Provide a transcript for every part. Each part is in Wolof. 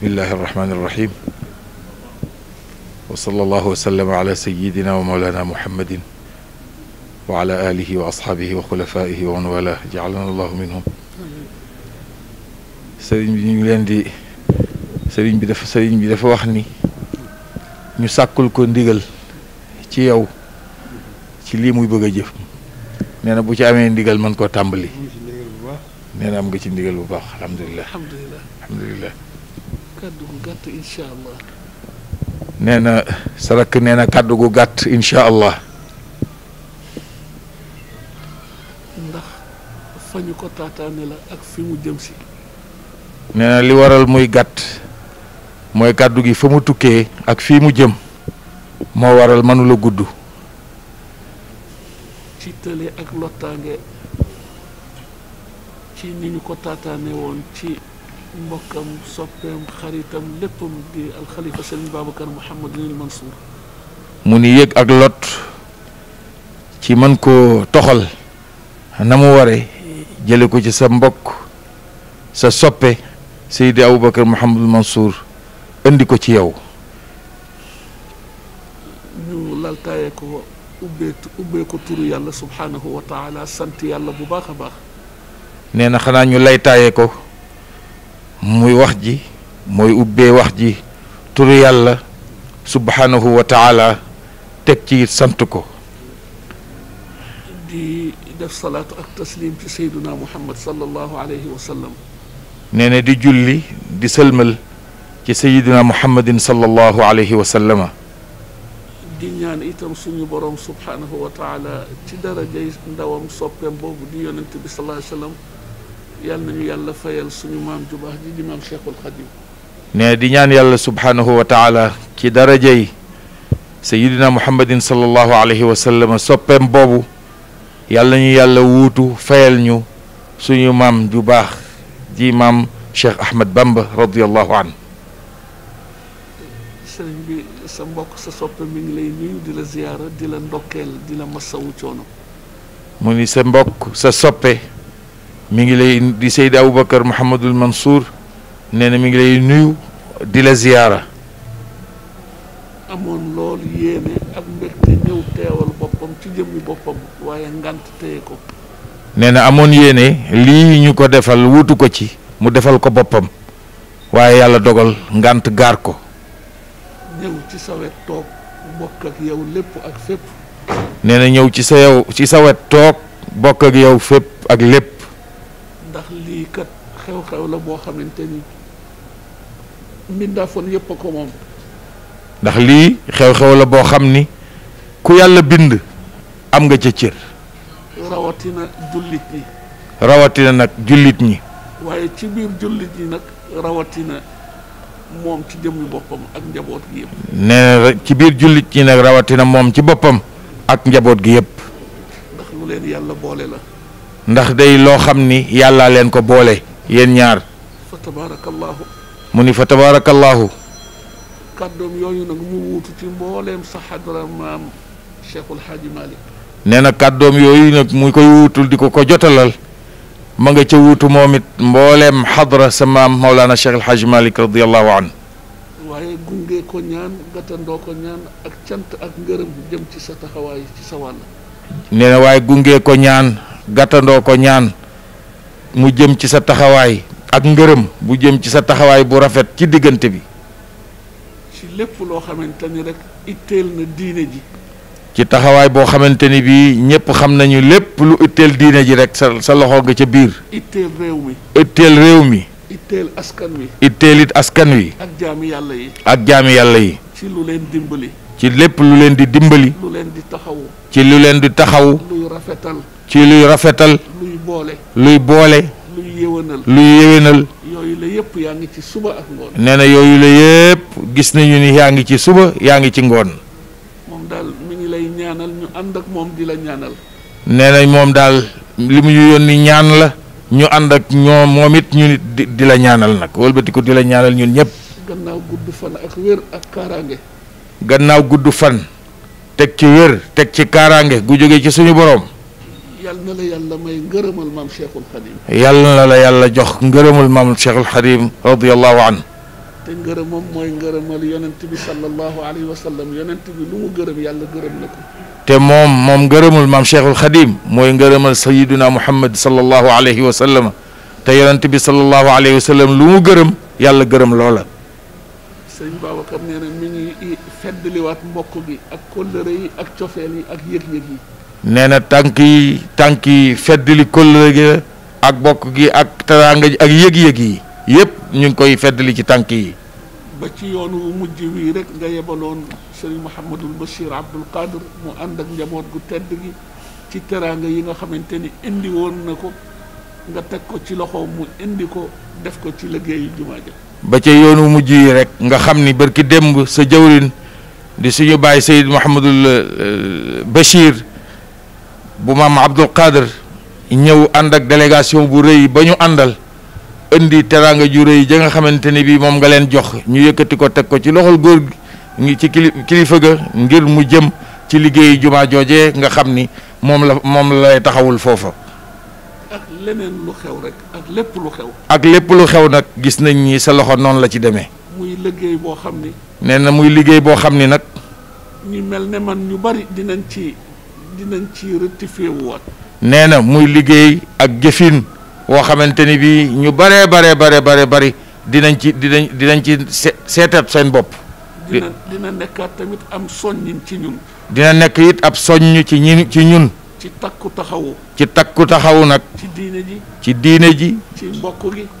bismillahi irrahmani irrahim wa sallallahu wa sallam ala sayidina wa mawlana muhammadin wa ala alihi wa asxaabihi wa xulafaihi wa man wala jaalana allahu minhum sëriñ bi ñu ngi leen di sëriñ bi dafa sëriñ bi dafa wax ni ñu sàkkul ko ndigal ci yow ci lii muy bëgg a jëf nee na bu ci amee ndigal mën koo tàmbali nee na am nga ci ndigal bu baax alhamdulilah alhamdulilah kàddu nee na sarak nee na kàddu gu gàtt incha allah. ndax fañu ko taataane la ak fi mu jëm si. nee li waral muy gàtt mooy kàddu gi fa mu tukkee ak fii mu jëm. moo waral mënula gudd. ci tële ak lottaange ci ni ñu ko taataane woon ci. mbokkam soppeem xaritam léppam di alxalifa sëriñ Babacar Mouhamadul Mansour mu ni yéeg ak lot ci man ko toxal na mu waree jële ko ci sa mbokk sa soppe Seydi Aboubacar Mouhamadul Mansour indi ko ci yow ñu laltaaye ko ubbee ko turu yàlla subhaanahu wa sant yàlla bu baax a baax nee na xanaa ñu laytaaye ko muy wax ji mooy ubbee wax ji turu yàlla subhanahu wa taala teg ci sant ko di def salaatu ak taslim ci sayduna muhammad sallallahu alayhi wa sallam di julli di sëlmal ci sayduna muhammadin sallallahu alayhi wa sallama di ñaan itam suñu borom subhanahu wa taala ci darajay ndawam soppeem boobu di yonent bi sallallahu alayhi wa sallam yal nañu yàlla fayal suñu di ñaan yàlla subhaanahu taala ci dara sayidina muhammadin sallallahu alayhi wa sallam soppeem boobu yàlla ñu yàlla wuutu fayal ñu suñu maam ju baax ji maam Cheikh Ahmed Bamba radiyallahu an sëriñ bi sa mbokk sa soppe ngi lay di la ziyaara di la ndokkeel di la masawu coono. mbokk sa soppe. mi ngi lay di Seydi Aboubacar Mouhamadul Mansour nee na mi ngi lay nuyu di la ziyaara amoon loolu yéene ak mbégte ñëw teewal boppam ci jëmmi boppam waaye ngant téye ko nee na amoon yéene lii ñu ko defal wutu ko ci mu defal ko boppam waaye yàlla dogal ngant gaar ko ñëw ci sa wet toog bokk ak yow lépp ak fépp nee na ñëw ci sa yow ci sa wet toog bokk ak yow fépp ak lépp xew-xew la boo xamante ni mbindaafoon yëpp a ko moom. ndax lii xew-xew la boo xam ni ku yàlla bind am nga ca cër. rawatina jullit ñi. rawatina nag jullit ñi. waaye ci biir jullit ñi nag rawatina moom ci boppam ak njaboot gi yëpp. biir jullit ñi nag rawatina moom ci boppam ak njaboot gi yëpp. ndax lu leen yàlla boole la. ndax day loo xam ni yàlla leen ko boole. yéen ñaar. fa tabaarakallaahu. mu ni fa tabaarakallaahu. kàddoom yooyu nag ñu wuutu ci mbooleem sa xadra maam Cheikhul Hadji Malick. nee na kàddoom yooyu nag mu koy wuutul di ko ko jotalal ma nga ca wuutu moom it mbooleem xadra sa maam Maulana Cheikhul Hadji Malick radiyallahu anhu. waaye gunge ko ñaan gàttandoo ko gunge ko ñaan gàttandoo ko ñaan. mu jëm ci sa taxawaay ak ngërëm bu jëm ci sa taxawaay bu rafet ci diggante bi. ci lépp loo xamante ni rek na diine ji. ci taxawaay boo xamante ni bii ñëpp xam nañu lépp lu itteel diine ji rek sa sa loxo nga ca biir. itteel réew mi. itteel réew mi. askan wi. itteel askan wi. ak jaami yàlla yi. ak jaami yàlla yi. ci lu leen dimbali. ci lépp lu leen di dimbali. lu leen di taxawu. ci lu leen di taxawu. luy rafetal. ci luy rafetal. luy boole. luy boole. luy yéwénal. yooyu la yëpp yaa ngi ci suba ak ngoon. nee na yooyu la yëpp gis nañu ni yaa ngi ci suba yaa ngi ci ngoon. moom daal mi la ñaanal. nee na moom daal li mu ñu yónni ñaan la ñu ànd ak ñoom moom it ñu di di la ñaanal nag wëlbatiku di la ñaanal ñun ñëpp. gannaaw gudd fan teg ci wér teg ci kaaraange gu jógee ci suñu boroom yàlla na la yàlla may ngërëmal maam Cheikhul Xadim. yàlla na la yàlla jox ngërëmal maam Cheikhul Xadim radiyallahu anhu. te ngërëm moom mooy ngërëmal yonent bi sallallahu alayhi wa sallam yonent bi lu mu gërëm yàlla gërëm na ko. te moom moom ngërëmul maam Cheikhul Xadim mooy ngërëmal sayyiduna Muhammad sallallahu alayhi wa sallam te yonent bi sallallahu alayhi wa sallam lu mu gërëm yàlla gërëm loola. sëñ Babacar nee na mi ngi feddliwaat mbokk gi ak kóllëre yi ak cofeel yi ak yëg-yëg yi. nee na tànk yi tànk yi feddali kóllëre gi ak bokk gi ak teraanga ji ak yëg-yëg yi yëpp ñu ngi koy feddali ci tànk yi ba ci yoonu mujj wii rek nga yebaloon sëriñ Mouhamadul Bachir Abdoul Qadir mu njaboot gu tedd gi yi nga xamante ni indi woon ko nga teg ko ci loxo mu indi def ko ci liggéeyu jumaa yoonu mujj yi rek nga xam ni barki démb sa jawrin di suñu bàyyi Seyd Mouhamadul euh, Bachir bu maam Abdul Qadir ñëw ànd ak délégation bu rëy ba ñu àndal indi teraanga ju rëy ja nga xamante ni bii moom nga leen jox ñu yëkkati ko teg ko ci loxol góor ngi ci kilifa ga ngir mu jëm ci liggéeyu jumaa jooje nga xam ni moom la moom lay taxawul foofa. ak leneen lu xew rek ak lépp lu xew. nag gis nañ ñi sa loxo noonu la ci demee. muy na muy liggéey boo xam ni nag. ñu mel ne man ñu bari dinañ ci. dinañ ci rectifié nee na muy liggéey ak jëfin woo xamante ni bii ñu baree baree baree baree bari dinañ ci dinañ dinañ ci seetaat seen bopp. dina dina tamit am soññ ci ñun. dina nekk it ab soññ ci ñi ci ñun. ci takku taxawu. ci takku taxawu nag. ci diine ji.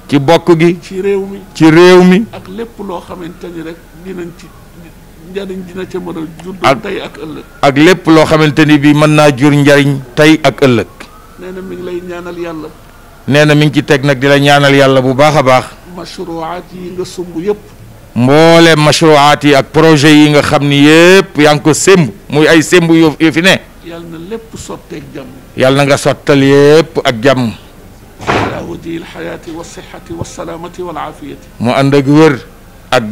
ci bokk gi. ci réew mi. ci réew mi. ak lépp loo xamante ni rek dinañ ci. njariñ dina ak ëllëg ak lépp loo xamante ni bi mën naa jur njariñ tey ak ëllëg nee na mi ngi yàlla nee na mi ngi ci teg nag di la ñaanal yàlla bu baax a baax mashruwaat yi nga sumb ak projet yi nga xam ni yëpp yaa ngi ko sémb muy ay sémb yu fi ne yàlla na lépp sotteeg jàmm yàlla na nga sottal yëpp ak jàmm alaa wajhi alxayaati wa sixati wa salaamati wa alaafiyati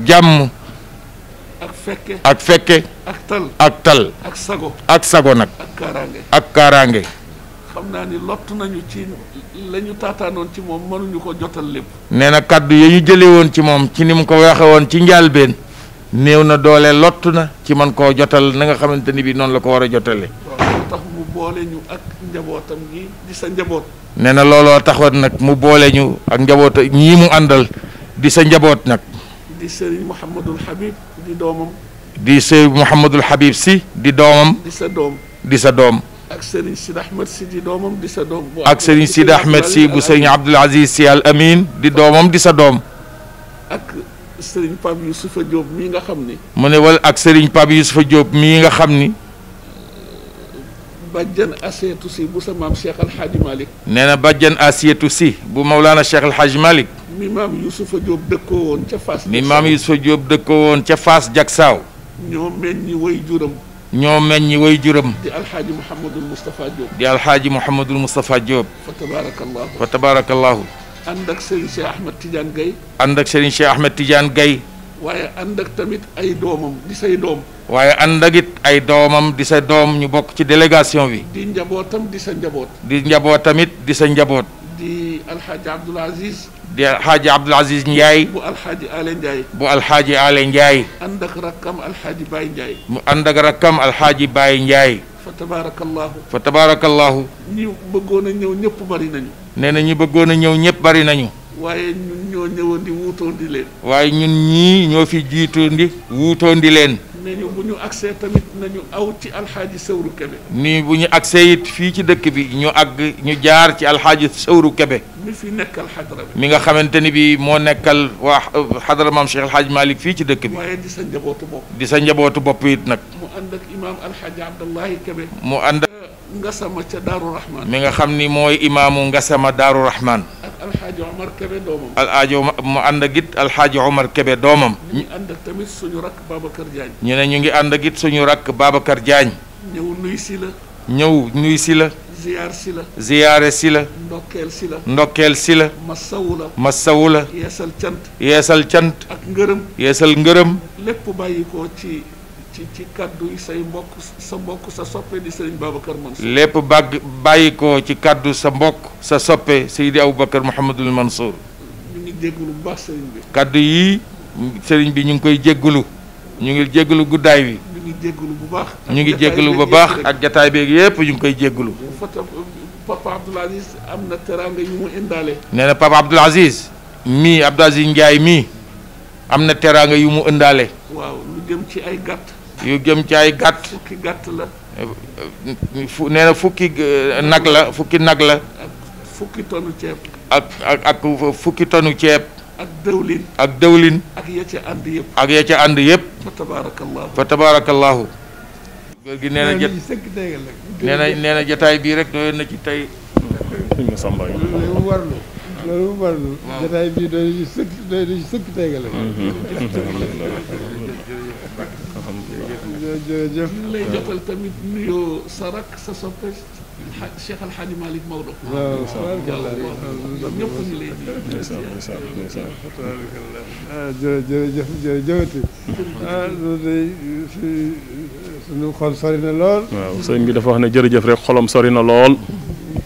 jàmm ak fekke ak fekke tal ak tal ak sago ak sago nag ak kaaraange ak kaaraange xam naa ni lott nañu ci la ñu taataanoon ci moom mënuñu ko jotal lépp nee na kàddu ya ñu jële woon ci moom ci ni mu ko waxe woon ci njaalbeen néew na doole lott na ci man koo jotal na nga xamante ni bi noonu la ko war a jotale waaw ñu ak njabootam sa njaboot nee na looloo taxoon nag mu boole ñu ak njaboot ñii mu àndal di sa njaboot nag di sëriñ Mouhamadul Habib di doomam. di sëriñ si di doomam. di sa doom di sa doom. ak sëriñ Sidi Ahmed si di doomam di sa ak sëriñ si bu sëriñ Abdoul Aziz si al Amin di doomam di sa doom. ak sëriñ Pape Youssoufa Diop mii nga xam mu ne wala ak sëriñ Pape Youssoufa Diop mii nga xam ni. bàjjan Asietu si bu sa maam Cheikh Al Hadj Malick. nee na bàjjan Asietu si bu Mawlana Cheikh Al Hadj Malick. mi maam Youssoupha Diop dëkkoo woon ca Fass. mi maam Youssoupha Diop dëkkoo woon ca Fass Jaksaaw. ñoo meññ ñoo meññ way juram. di alxaaji Mouhamadul Moustapha Diop. di alxaaji Mouhamadul Moustapha Diop. fa tabaarakallaahu fa tabaarakallaahu. ànd Cheikh Ahmed Tidiane Gueye. ànd tamit ay doomam di say doom. waaye ànd ay doomam di sa doom ñu bokk ci délégation bi. di njabootam di sa njaboot. di njabootamit di sa njaboot. di alxaaji Abdoul Aziz. di alxaaji Abdoul Aziz Ndiaye. bu alxaaji Ale Ndiaye. bu alxaaji Ale Ndiaye. ànd ak rakkam alxaaji Baye Ndiaye. mu ànd ak rakkam alxaaji Baye Ndiaye. fa tabaarakallaahu. fa tabaarakallaahu. ñi bëggoon a ñëw ñëpp bari nañu. nee na ñi bëggoon a ñëw ñëpp bari nañu. waaye ñun ñoo ñëwoon di wuutoon di leen. waaye ñun ñii ñoo fi jiitoon di. wuutoon di leen. ne bu ñu agsee tamit ci alxaaji sëwru kebe nii fii ci dëkk bi ñu àgg ñu jaar ci alxaaj sëwru kebe mi fi mi nga xamante ni bi moo nekkal waa xadra maam Cheikh alxaaji Malick fii ci dëkk bi waaye di sa njabootu bopp di sa njabootu bopp it mi nga xam ni mooy imaamu Ngasama Daaru Rahman alxaaji Omar Kebe mu ànd ak it alxaaji Omar Kebe doomam. ñu ànd ak tamit suñu rakk Babacar Diagne. ñu ne ñu ngi ànd ak it suñu rakk Babacar Diagne. ñëw nuy la. ñëw nuy si la. ziyaar si la. ziyaare si la. ndokkeel si la. ndokkeel si la. masawu la. masawu la. yeesal cant. yeesal cant. ak ngërëm. yeesal ngërëm. lépp bàyyi ko ci. ci ci kaddu sa mbokk lépp bàgg bàyyi ko ci kaddu sa mbokk sa soppe Seydi Aboubacar Mouhamadul Mansour. ñu ngi jégalu kaddu yi Serigne bi ñu ngi koy jégalu ñu ngi jégalu guddaay wi. ñu ngi jégalu bu baax. ñu ngi jégalu bu baax ak jataay beeg yépp ñu ngi koy jégalu. papa Abdoul Aziz am na teraanga yu mu indaale. nee na papa Abdoul Aziz mii Abdoul Aziz Ndiaye mii am na teraanga yu mu indaale. waaw ci ay gàtt. yu jëm ci gàtt. fukki gàtt la. fu nee na fukki eh, nag la fukki nag la. ak fukki tonu ceeb. ak ak dëwlin. ak dëwlin. ak ya ca ànd yëpp. ya ca fa tabaarakallaahu fa tabaarakallaahu. na jot nee bii rek doyoon na ci tey. loolu bu baax noonu. jotaay bii doy nañu sëkk doy nañu sëkk tegal. Mm-hmm. jërëjëf ñu lay jotal tamit nuyoo sa rak sa soppe Cheikh Al Hadj Malick Maodo. waaw ñëpp ñu lay nuyu. Ah, jërëjëf jërëjëfati. ah loolu day fi suñu xol sori na lool. waaw sëñ bi dafa wax ne jërëjëf rek xolam sori na lool.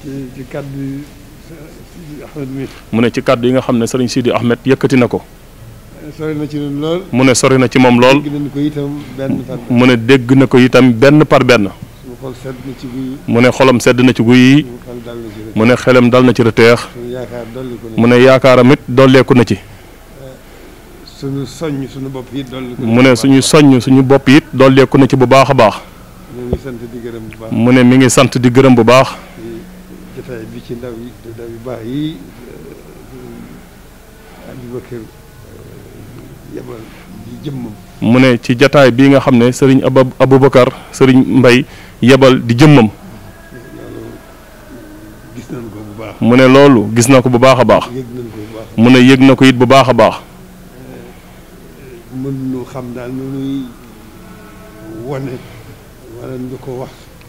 ci ci kàddu mu ne ci kàddu yi nga xam ne sëriñ Sidi Ahmed yëkkati na ko. sori na ci mu ne sori na ci moom lool. mu ne dégg na ko itam benn par benn. mu ne xolam sedd na ci guy mu ne xelam dal na ci rëteex. mu ne yaakaaram it dolleeku na ci. dolleeku na ci. mu ne suñu soññ suñu bopp yi dolleeku na ci bu baax a baax. mu ne mi ngi sant di gërëm bu baax. jotaay ci ndaw yi ndaw yu eh, eh, mu ne ci jataay bii nga xam ne sëriñ Aba Aboubacar sëriñ Mbay yebal di jëmmam. gis bu baax. mu ne loolu gis na ko bu baax a baax. yëg nañ ko bu mu ne yëg na ko it bu baax a baax. Eh, mën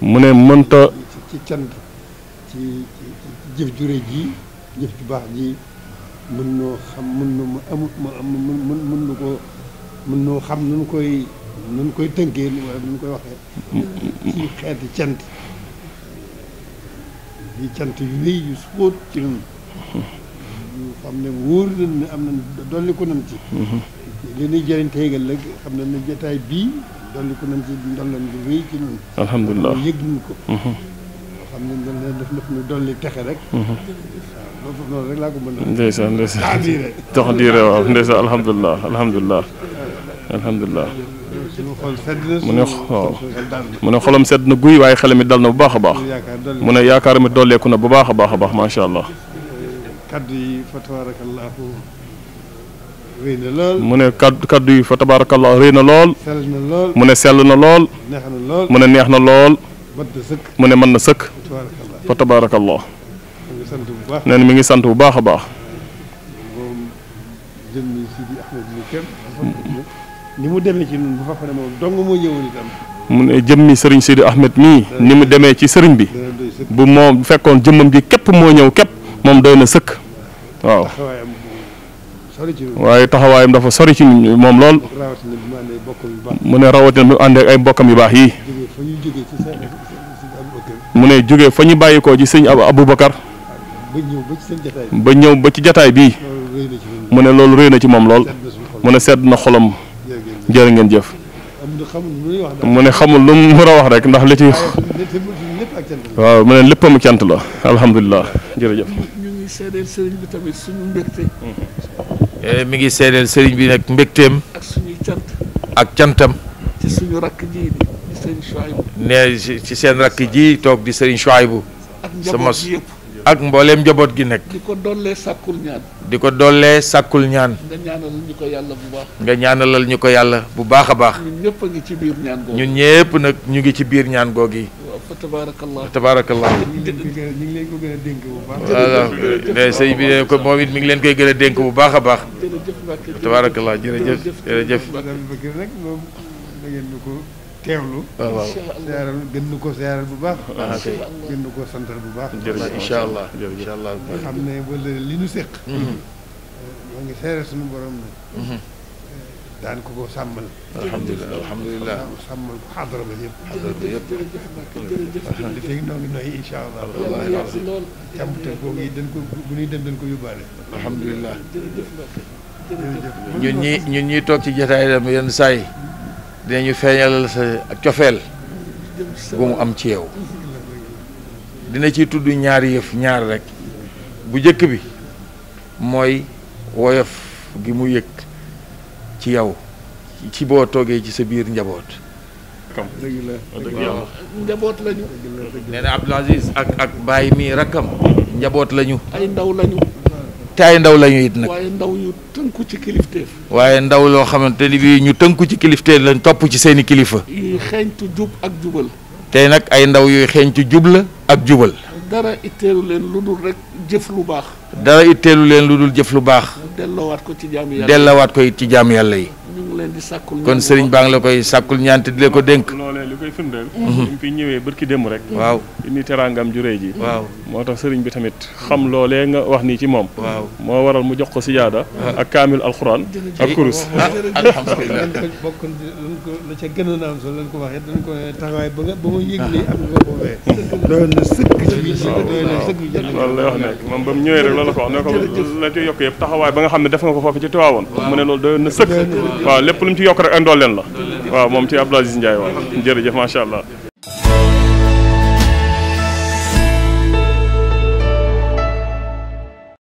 mu ne mënta ci jëf ju ji jëf ju baax ji mën noo xam mën na mu amul mu mën mën nu ko noo xam nu koy nu koy tënkee wala nu koy waxee ci xeeti cant di cant yu rëy yu sóot ci ñun yu xam ne wóor nañ ne am nañ dolliku nañ ci mm-hmm. li ñuy jëriñ teegal rek xam nañ ne jotaay bii dolliku nañ ci ndollan lu rëy ci ñun alhamdulilah ko mm-hmm. xam ne dañ leen def mhm. waaw loolu noonu a. ndeysaan alhamdulilah alhamdulilah. mu ne xolam sedd na guy waaye xel mi dal na bu baax a baax. mu ne yaakaar mi dolleeku na bu baax a baax a baax macha allah. kaddu yi fa tabaarakallaahu rëy na lool mu ne kaddu sell na lool mu ne neex na lool. mu ne mën na sëkk fa tabaarakallah nee na mi ngi sant bu baax a baax ni mu demee ci bu fekkoon ne moom dong moo jëmmi sëriñ Sidi Ahmed mii ni mu demee ci sëriñ bi bu moom fekkoon jëmmam ji képp moo ñëw képp moom doy na sëkk waaw waaye taxawaayam dafa sori ci moom lool mu ne rawatina bi àndee ay bokkam yu baax yi mu ne jóge fa ñu bàyyi ko ji sëñ Aboubacar ba ñëw ba ci jataay bii mu ne loolu réy na ci moom lool mu ne sedd na xolam jërë ngeen jëf mu ne xamul lu mu a wax rek ndax li ci waaw mu ne léppam cant la alhamdulilah jërëjëf. ñu ngi seedeel sëriñ bi tamit suñu mbégte. ngi seedeel sëriñ bi nag mbégteem. ak suñuy cant. ak ci suñu rakk ji nee ci seen rakk ji toog di sëriñ Chouaïbou sama ak mbooleem njaboot gi nekk. di ko dollee sàkkul ñaan. di ko dollee sàkkul ñaan. nga ñaanalal ñu ko yàlla bu baax. nga ñaanalal ñu ko yàlla bu baax a baax. ñun ci biir ñaan googu. ñun nag ñu ngi ci biir ñaan googu yi. waaw fa ngi leen ko gën a dénk bi ne ko mi ngi leen koy gën a dénk bu baax a baax. jërëjëf Mbacke tabaarakallah teewlu. waaw ah, waaw seeral gën nu ko seeral bu baax. Ah, gën nu ko santal bu baax. jërëjëf incha allah jërëjëf incha allah. xam ne wala li nu séq. ñoo mhm. ngi seeral suñu borom nag. Mhm. daan ko ko sàmmal. alhamdulilah alhamdulilah sàmmal ko xadara ba yëpp. xadara ba yëpp li fekk noo ngi noy incha allah. càmbute googu yi dañ ko bu ñuy dem dañ ko yóbbaale. alhamdulilah. jërëjëf ñun ñii ñun ñii toog ci jotaay dem yenn saa yi ñu feeñalal sa cofeel gu mu am ci yow dina ci tudd ñaari yëf ñaar rek bu jëkk bi mooy woyof gi mu yëg ci yow ci boo toogee ci sa biir njaboot njaboot lañu nee na Aziz ak ak Baye mii rakkam njaboot lañu ay ndaw lañu te ay ndaw la ñu it nag. waaye ndaw yu waaye ndaw loo xamante ni bii ñu tënku ci kilifteef lañ topp ci seen i kilifa. yuy xeeñtu jub ak jubal. tey nag ay ndaw yuy xeeñtu jub la ak jubal. dara itteelu leen lu dul rek jëf lu baax. dara leen lu dul jëf lu baax. dellawaat ko ci jaamu dellawaat ko ci jaamu yàlla yi. ñu kon sëriñ baa ngi la koy sàkkul ñaante di la ko dénk. loolee mhm. démb rek. waaw waaw moo tax sëriñ bi tamit xam loolee nga wax nii ci moom. moo waral mu jox ko sijaada ak kaamil alxuraan. ak kurus ah, alhamdulilah bokk la ca gënoon a am solo lañ ko waxee dañ ko taxawaay ba nga ko waxee. doon na sëkk ci doon na sëkk loolu lay moom ba mu ñëwee rek loolu la ko wax ne ko la ci yokk yëpp taxawaay ba nga xam ne def nga ko foofu ci Tiwaawoon mu ne loolu doon na sëkk waaw lépp lu mu ci yokk rek ay ndolleen la waaw moom ci Abdou Aziz Ndiaye waaw jërëjëf macha allah